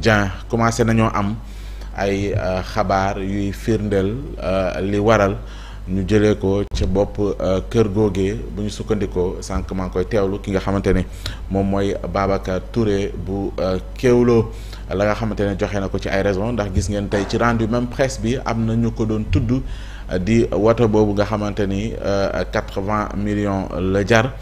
Dieng commencé nañoo am ay euh, xabaar yuy firndeel euh, li waral ñu jëlee ko ca bopp euh, kër googee bu ñu sukkandikoo sànq maa ngi koy teewlu ki nga xamante ne moom mooy Babacar Touré bu Kewlo la nga xamante ne joxe na ko ci ay raison ndax gis ngeen tey ci rendu même presse bi am na ñu ko doon tudd di woto boobu nga xamante ni quatre-vingts millions la jar.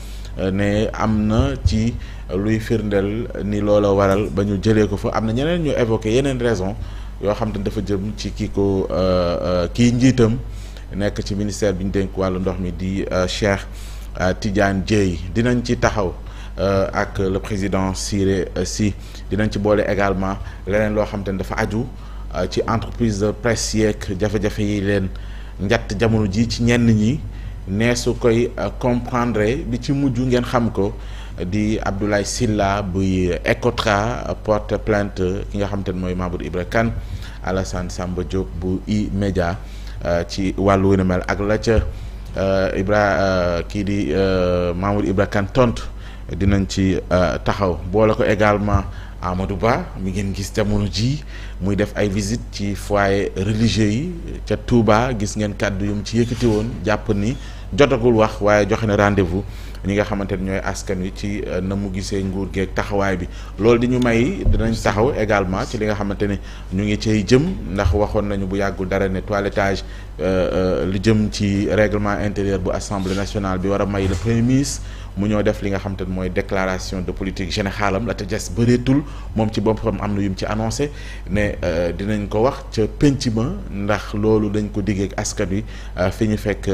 ne am na ci luy firndeel ni loola waral ba ñu jëlee ko fa am na ñeneen ñu évoqué yeneen raison yoo xam te dafa jëm ci kii ko euh, euh, kii njiitam nekk ci ministère bi ñu dénk wàllu ndox mi di euh, Cheikh Tidiane Dieye dinañ ci taxaw ak le président Siré Sy dinañ ci boole également leneen loo xam te ne dafa aju ci entreprise de presse yeeg jafe-jafe yi leen njatt jamono ji ci ñenn ñi nee su koy euh, comprendre bi ci mujj ngeen xam ko di Abdoulaye Sylla buy Ecotra euh, porte plante ki nga xam te mooy Mamour Ibra Kane Alassane Samba Diop bu i média euh, ci wàllu wéna mel ak la ca Ibra kii di Mamour Ibra Kane tontu dinañ ci taxaw boole ko également Amadou Ba mi ngeen gis jamono ji muy def ay visite ci foyer religieux yi ca Touba gis ngeen kàddu yu mu ci yëkkati woon jàpp ni jotagul wax waaye joxe na rendez-vous ñi nga xamante ne ñooy askan wi ci euh, na mu gisee nguur geeg taxawaay bi loolu di ñu may dinañ taxaw également ci li nga xamante ne ñu ngi cay jëm ndax waxoon nañu bu yàggul dara ne toilettage Euh, euh, lu jëm ci règlement intérieur bu assemblée nationale bi war a may le premier ministre mu ñoo def li nga xam te mooy déclaration de politique générale la te des bëreetul moom ci bopp boppam am na yu ci annoncé ne euh, dinañ ko wax ca penc ma ndax loolu dañ ko diggee ak askan wi fi ñu fekk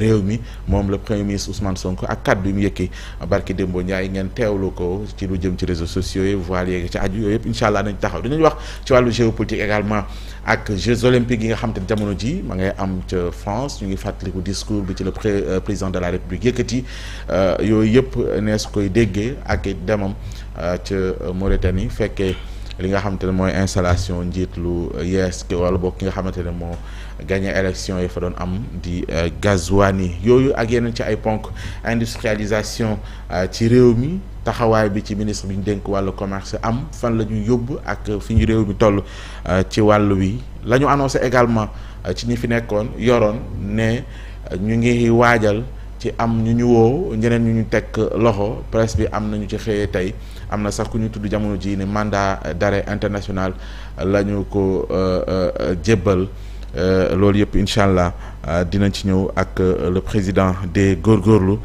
réew mi moom le premier ministre Ousmane Sonko ak kàddu yu mu yëkki barki Dembo Ndiaye ngeen teewlu ko ci lu jëm ci réseaux sociaux yi voile yeeg ci aju yooyu yëpp incha allah nañ taxaw dinañ wax ci wàllu géopolitique également. ak Jeux olympiques yi nga xam te jamono ji ma ngay am ca France ñu ngi fàttaliku discours bi ci le euh, président de la République yëkkati euh, yooyu yëpp ne su koy déggee ak demam euh, ca Mauritanie fekkee li nga xamante ne mooy installation njiit lu yees ki wala boog ki nga xamante ne moo gagné élection yi fa doon am di euh, Gazouani yooyu ak yeneen ci ay ponk industrialisation euh, ci réew mi taxawaay bi ci ministre bi ñu dénk wàllu commerce am fan la ñu yóbbu ak fi ñu réew mi toll euh, ci wàll wi lañu ñu annoncé également ci ñi fi nekkoon yoroon ne ñu ngi waajal ci am ñu ñu woo ñeneen ñu ñu teg loxo presse bi am nañu ci xëyee tey am na sax ku ñu tudd jamono ji ni mandat d'arrêt international la ñu ko euh, euh, jébbal euh, loolu yëpp incha allah dinañ ci ñëw ak le président de góor góorgóorlu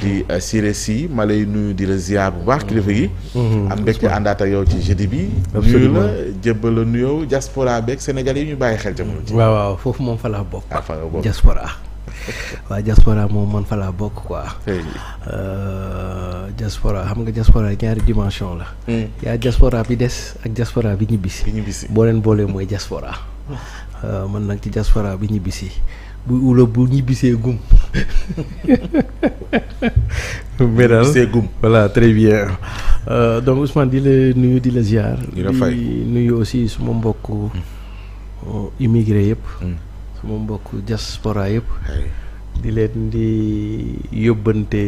di Siré Sy ma lay nuyu di la ziar bu baax kilifa gi. Mm-hmm. am mbégte àndaat ak yow ci jeudi bi. nuyu la jébbal la nuyoo diaspora beeg Sénégal yi ñu bàyyi xel jamono ji. waaw waaw foofu moom fa la bokk. ah waa diaspora moom man fa laa bokk quoi. Euh, diaspora xam nga diaspora ñaari dimension la. Hmm. yaa diaspora bi des ak diaspora bi ñibbisi. boo leen boolee mooy diaspora. Euh, man nag ci diaspora bi ñibbisi bu wula bu ñibbisee gum. mais daal ñibbisee gum voilà très bien. Euh, donc Ousmane di la nuyu di la ziar. di nuyu aussi suma mbokk hmm. immigré yëpp. Hmm. sama mbokk diaspora yëpp di leen di yóbbante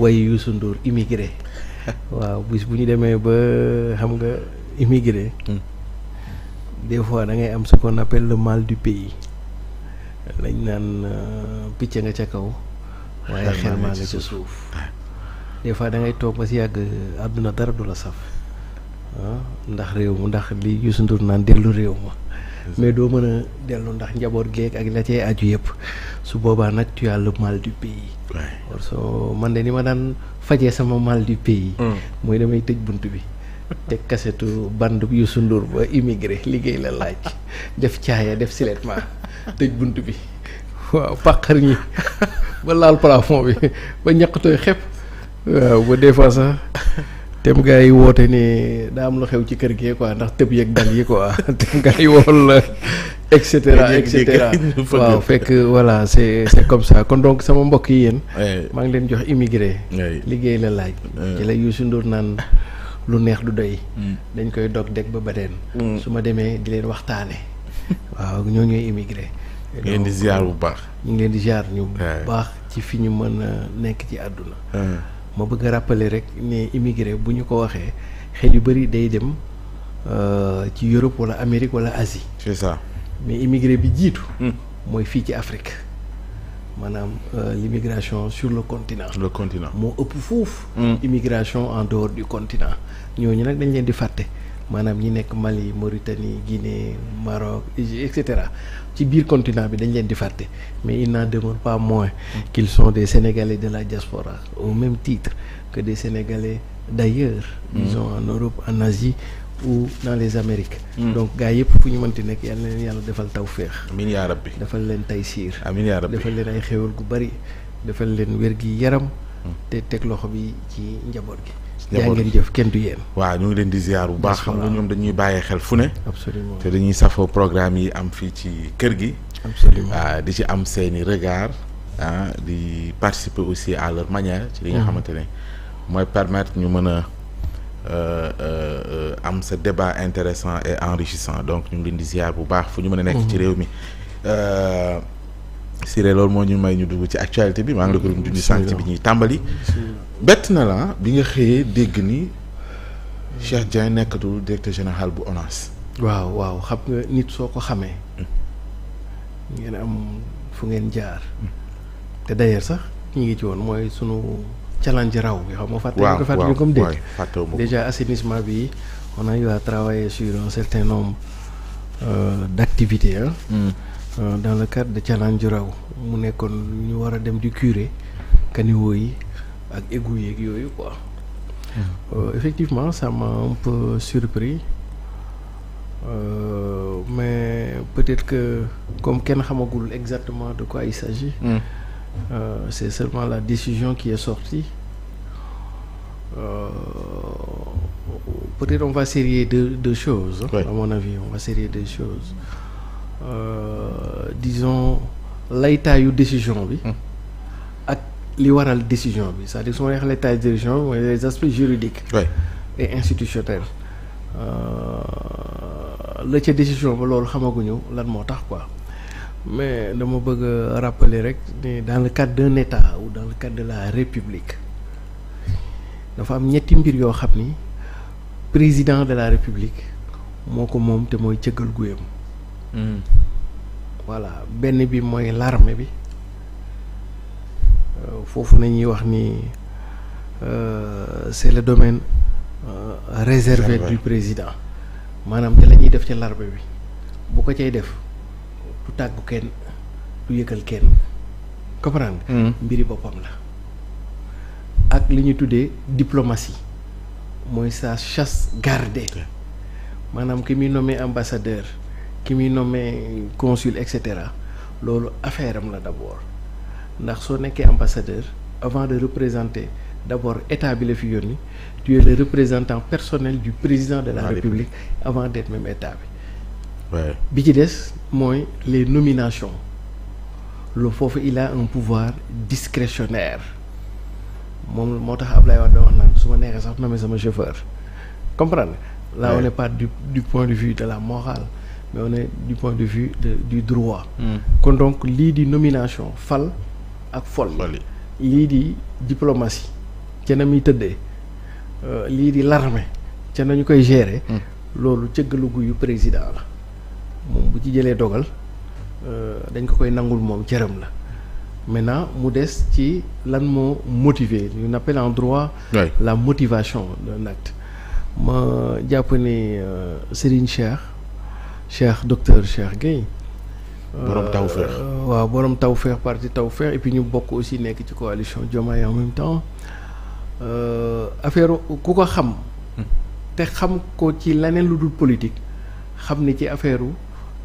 way Youssou Ndour immigré waaw bis bu ñu demee ba xam nga immigré hmm. des fois da ngay am su qu'on appelle le mal du pays lañ naan euh, picc nga ca kaw waaye xel maa nga ca suuf ah. des fois da toog ba si yàgg àdduna dara du la saf ah, ndax réew mu ndax li Youssou Ndour naan dellu réew ma mais doo mën a dellu ndax njaboot géeg ak la cee aju yëpp su boobaa nag tu as mal du pays. or soo man de ni ma daan fajee sama mal du pays. Mm. mooy damay tëj bunt bi. teg kasetu band Youssou Ndour ba immigré liggéey la laaj def caaya def siletma tëj bunt bi waaw pàqar ñi ba laal plafond bi ba ñaqtooy xepp waaw ba des fois tem gaa yi woote ni daa am lu xew ci kër gi quoi ndax tëb yeeg dal yi quoi tem gaa yi wool la et cetera et cetera waaw fekk voilà c' est c' comme ça kon donc sama mbokk yi yéen. maa ngi leen jox immigré. liggéey la laaj. ci la Youssou Ndour naan lu neex du doy. Mm. dañ koy dog deg ba ba badeen mm. su ma demee di leen waxtaane waaw ñoo ñooy immigré. leen di ziar bu baax. ñu ngi leen di ziar ñu bu baax ci fi ñu mën a nekk ci àdduna. ma bëgg a rek ne immigré bu ñu ko waxee xel yu bëri day dem euh, ci Europe wala Amérique wala Asie. mais immigré bi jiitu. Hmm. mooy fii ci Afrique maanaam euh, l'immigration sur le continent. le continent moo ëpp foofu. Hmm. immigration en dehors du continent ñooñu nag dañ leen di fàtte. maanaam ñi nekk Mali Mauritanie Guinée Maroc et cetera ci biir continent bi dañ leen di fàtte mais il n'en demeure pas moins qu'ils sont des Sénégalais de la diaspora au même titre que des Sénégalais d'ailleurs disons mm. en Europe en Asie ou dans les Amériques. Mm. donc gars yëpp fu ñu mënti nekk yal na leen yàlla defal tawféex. amiin yaa bi defal leen taysiir. amiin yaa rabbi defal leen ay xéwal gu bari. defal leen wér gi yaram. Mm. te teg loxo bi ci njaboot gi. yaa ngeen jëf kenn du yéen waaw ñu ngi leen di ziar bu baax xam nga ñoom dañuy bàyyi xel fu ne absolument te dañuy safoo programme yi am fii ci kër gi absolument waaw ah, di ci am seeni regard ah di participer aussi à leur manière ci li nga mhm. xamante ne mooy permettre ñu mën a euh, euh, am sa débat intéressant et enrichissant donc ñu ngi leen di ziar bu baax fu ñu mën a nekk ci mhm. réew mi euh, Siré loolu moo ñu may ñu dugg ci actualité bi maa ngi la ko doon dund sànq bi ñuy tàmbali. bett na la bi nga xëyee dégg ni Cheikh Dieng nekkatu directeur général bu ONAS. waaw waaw xam nga nit soo ko xamee. ngeen am fu ngeen jaar. Hmm. te d'ailleurs sax ñu ngi ci woon mooy sunu challenge raw bi xam nga fàtte. waaw waaw fàtte ñu comme dégg déjà assainissement bi on a eu à travailler sur un certain nombre euh, d'activités hein. Hmm. Euh, dans le cadre de Thialanjuraaw mu nekkoon lu ñu war a dem di curé caniveau yi ak égou yeeg yooyu quoi. Hmm. Euh, effectivement ça m'a un peu euh, mais peut-être que comme kenn xamagul exactement de quoi il sagi mm. euh, c'est seulement la décision qui est sortie euh, peut-être on va serrer deux, deux choses oui. à mon avis on choses Euh, disons laytaayu décision bi. Hmm. ak li waral décision bi c'est-à-dire su ma wax laytaayu décision bi mooy les aspects juridiques. et institutionnels. Euh, la ca décision ba loolu xamaguñu lan moo tax quoi mais dama bëgg a rappeler rek ni dans le cadre de état ou dans le cadre de la république dafa am ñetti mbir yoo xam ni président de la république moo ko moom te mooy cëggal guyam Hmm. voilà benn bi mooy larme bi euh, foofu nañuy wax ni euh, c'est le domaine euh, réservé du président maanaam te la ñuy def ci l'armée bi bu ko cay def du tàggu kenn du yëgal kenn comprendre hmm. mbiri boppam la ak li ñu tuddee diplomatie mooy sa chasse gardée maanaam ki muy nommé ambassadeur ki muy nommé consul et cetera loolu affaire am la d' abord ndax soo nekkee ambassadeur avant de représenter d' abord état bi la fi yoon tu es le représentant personnel du président de la ah, république avant d' être même état bi bi ci des mooy les nominations lu foofu il a pouvoir discrétionnaire moom moo tax ab Wade wax naan su ma neexee sax nommé sama chauffeur comprendre là on n'est du point de vue de la morale mais on du point de vue du droit hmm. kon donc lii di nomination fal ak fol lii di diplomatie ca na muy tëddee euh, lii di l'armée ca nañu koy gérer hmm. loolu cëggalugu yu président la moom bu ci jëlee dogal euh, dañ ko koy nangul moom cëram la maintenant mu des ci lan moo motiver ñu appelle droit la motivation d'un ma jàpp ni euh, Serigne Cheikh Cheikh docteur Cheikh Gueye. borom euh, tawfeex waaw borom tawfeex parti tawfeex et puis ñu bokk aussi nekk ci coalition Diomaye en même temps euh, affaire ku ko xam. Hmm. te xam ko ci leneen lu dul politique xam ni ci affaire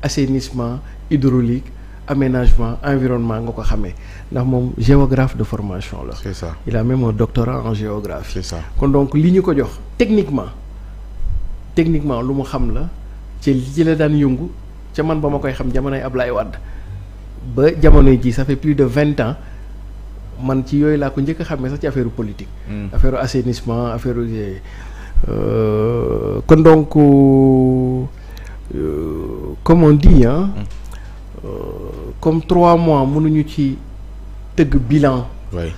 assainissement hydraulique aménagement environnement nga ko xamee ndax moom géographe de formation la. c'est ça il a même un doctorat en géographie. c'est kon donc li ñu ko jox techniquement techniquement lu mu xam la. ci ci la daan yëngu ca man ba ma koy xam jamonoy Ablaye Wade ba jamono ji ça fait plus de vingt ans man ci yooyu laa ko njëkk a xamee sax ci affaire politique. Hmm. affaire assainissement affaire yooyu. Euh, donc euh, comme hmm. euh, comme trois mois mënuñu ci tëgg bilan. oui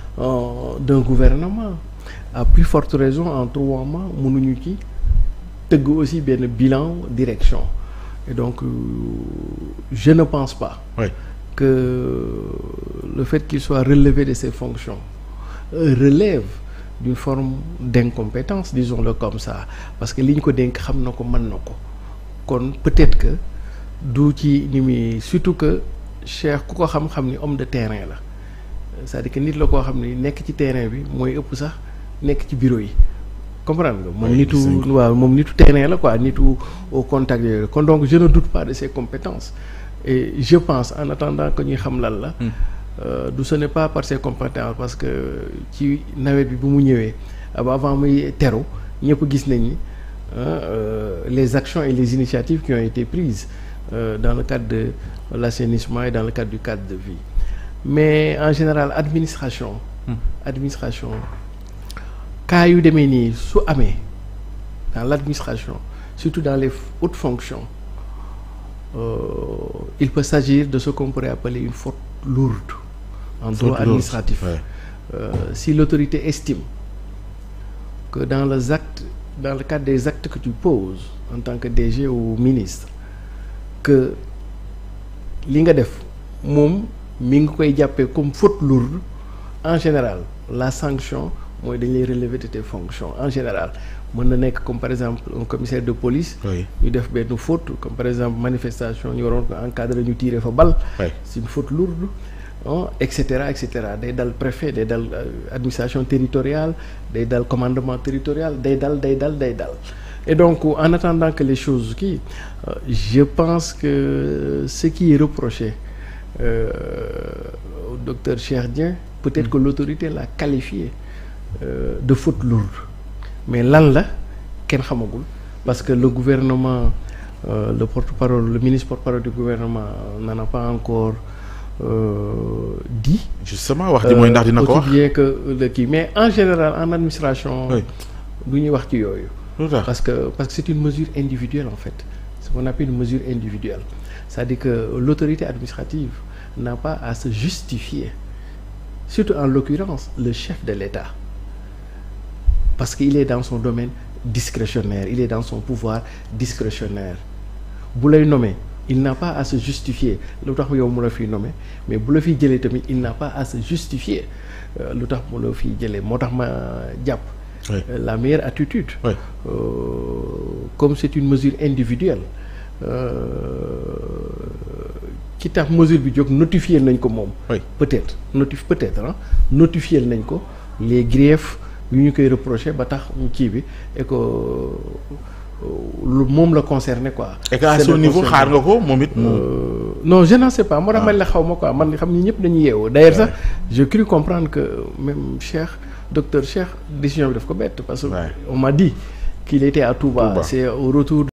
d'un gouvernement à plus forte raison en trois mois munuñu ci. tëgg aussi benn bilan direction et donc euh, je ne pense pas que le fait qu'il soit relevé de ses fonctions euh, relève d'une forme d'incompétence disons-le comme ça parce que li ñu ko dénk xam na ko mën na ko kon peut-être que du ci ni muy surtout que Cheikh ku ko xam-xam ni homme de terrain la c'est-à-dire que nit la koo xam ni nekk ci terrain bi mooy ëpp sax nekk ci bureau yi comprendre nga moom nitu waaw moom nitu terrain la quoi nitu au contact yooyu kon donc je ne doute pas et je pense en attendant que ñuy xam lan la hmm. euh, du ce n'est pas par ses compétences parce que ci nawet bi bi mu ñëwee ah avant muy teru ñëpp gis nañ ni euh, les actions et les initiatives qui ont été prises euh, dans le cadre de l'assainissement et dans le cadre du cadre de vie mais en général administration hmm. administration cas yu demee nii su amee dans l'administration surtout dans les hautes fonctions euh, il peut s'agir de ce qu'on pourrait appeler une faute lourde en faute droit administratif lourde, ouais. Euh, si l'autorité estime que dans les actes dans le cadre des actes que tu poses en tant que DG ou ministre que li nga def moom mi ngi koy jàppee comme faute lourde en général la sanction mooy dañuy lay relever de tes fonctions en général mën na nekk comme par exemple un commissaire de police ñu def benn faute comme par exemple manifestation ñu waroon ko encadrer ñu tirer fa bal si une faute lourde oh et cetera et cetera day dal préfet day dal euh, administration territoriale day dal commandement territorial day dal day dal day dal et donc en attendant que les choses kii euh, je pense que ce qui est reproché euh, au docteur Cheikh Dieng peut-être mm. que l'autorité l'a qualifié de faute lourde mais lan la kenn xamagul parce que le gouvernement euh, le porte-parole le ministre porte-parole du gouvernement n'en a pas encore euh, justement wax ji mooy ndax dina ko euh, wax aussi bien kii mais en général en administration. du ñuy wax ci yooyu. parce que parce que c'est une mesure individuelle en fait ce qu'on appelle une mesure individuelle c'est-à-dire que l'autorité administrative n'a pas à se justifier surtout en l'occurrence le chef de l'État. parce qu'il est dans son domaine discrétionnaire il est dans son pouvoir discrétionnaire bu lay nommer il n'a pas à se justifier lu tax yow mu la fiy nommer mais bu la fiy jëlee tamit il n'a pas à se justifier euh, lu tax mu la fiy jëlee moo tax ma jàpp euh, la meilleure attitude oui. Euh, comme c'est une mesure individuelle ki tax mesure bi jóg notifier nañ ko moom peut-être notif peut-être notifier nañ ko les griefs yu ñu koy reproché ba tax mu kii bi et que euh, lu moom la concerné quoi. et que à son xaar nga ko moom it. Euh, non je n'en sais pas moo tax man la xaw ma quoi man xam ni ñëpp dañuy yeewoo. d'ailleurs sax j'ai cru comprendre que même Cheikh docteur Cheikh décision bi daf ko bett. parce que on m'a dit qu'il était à Touba. Touba c'est au retour.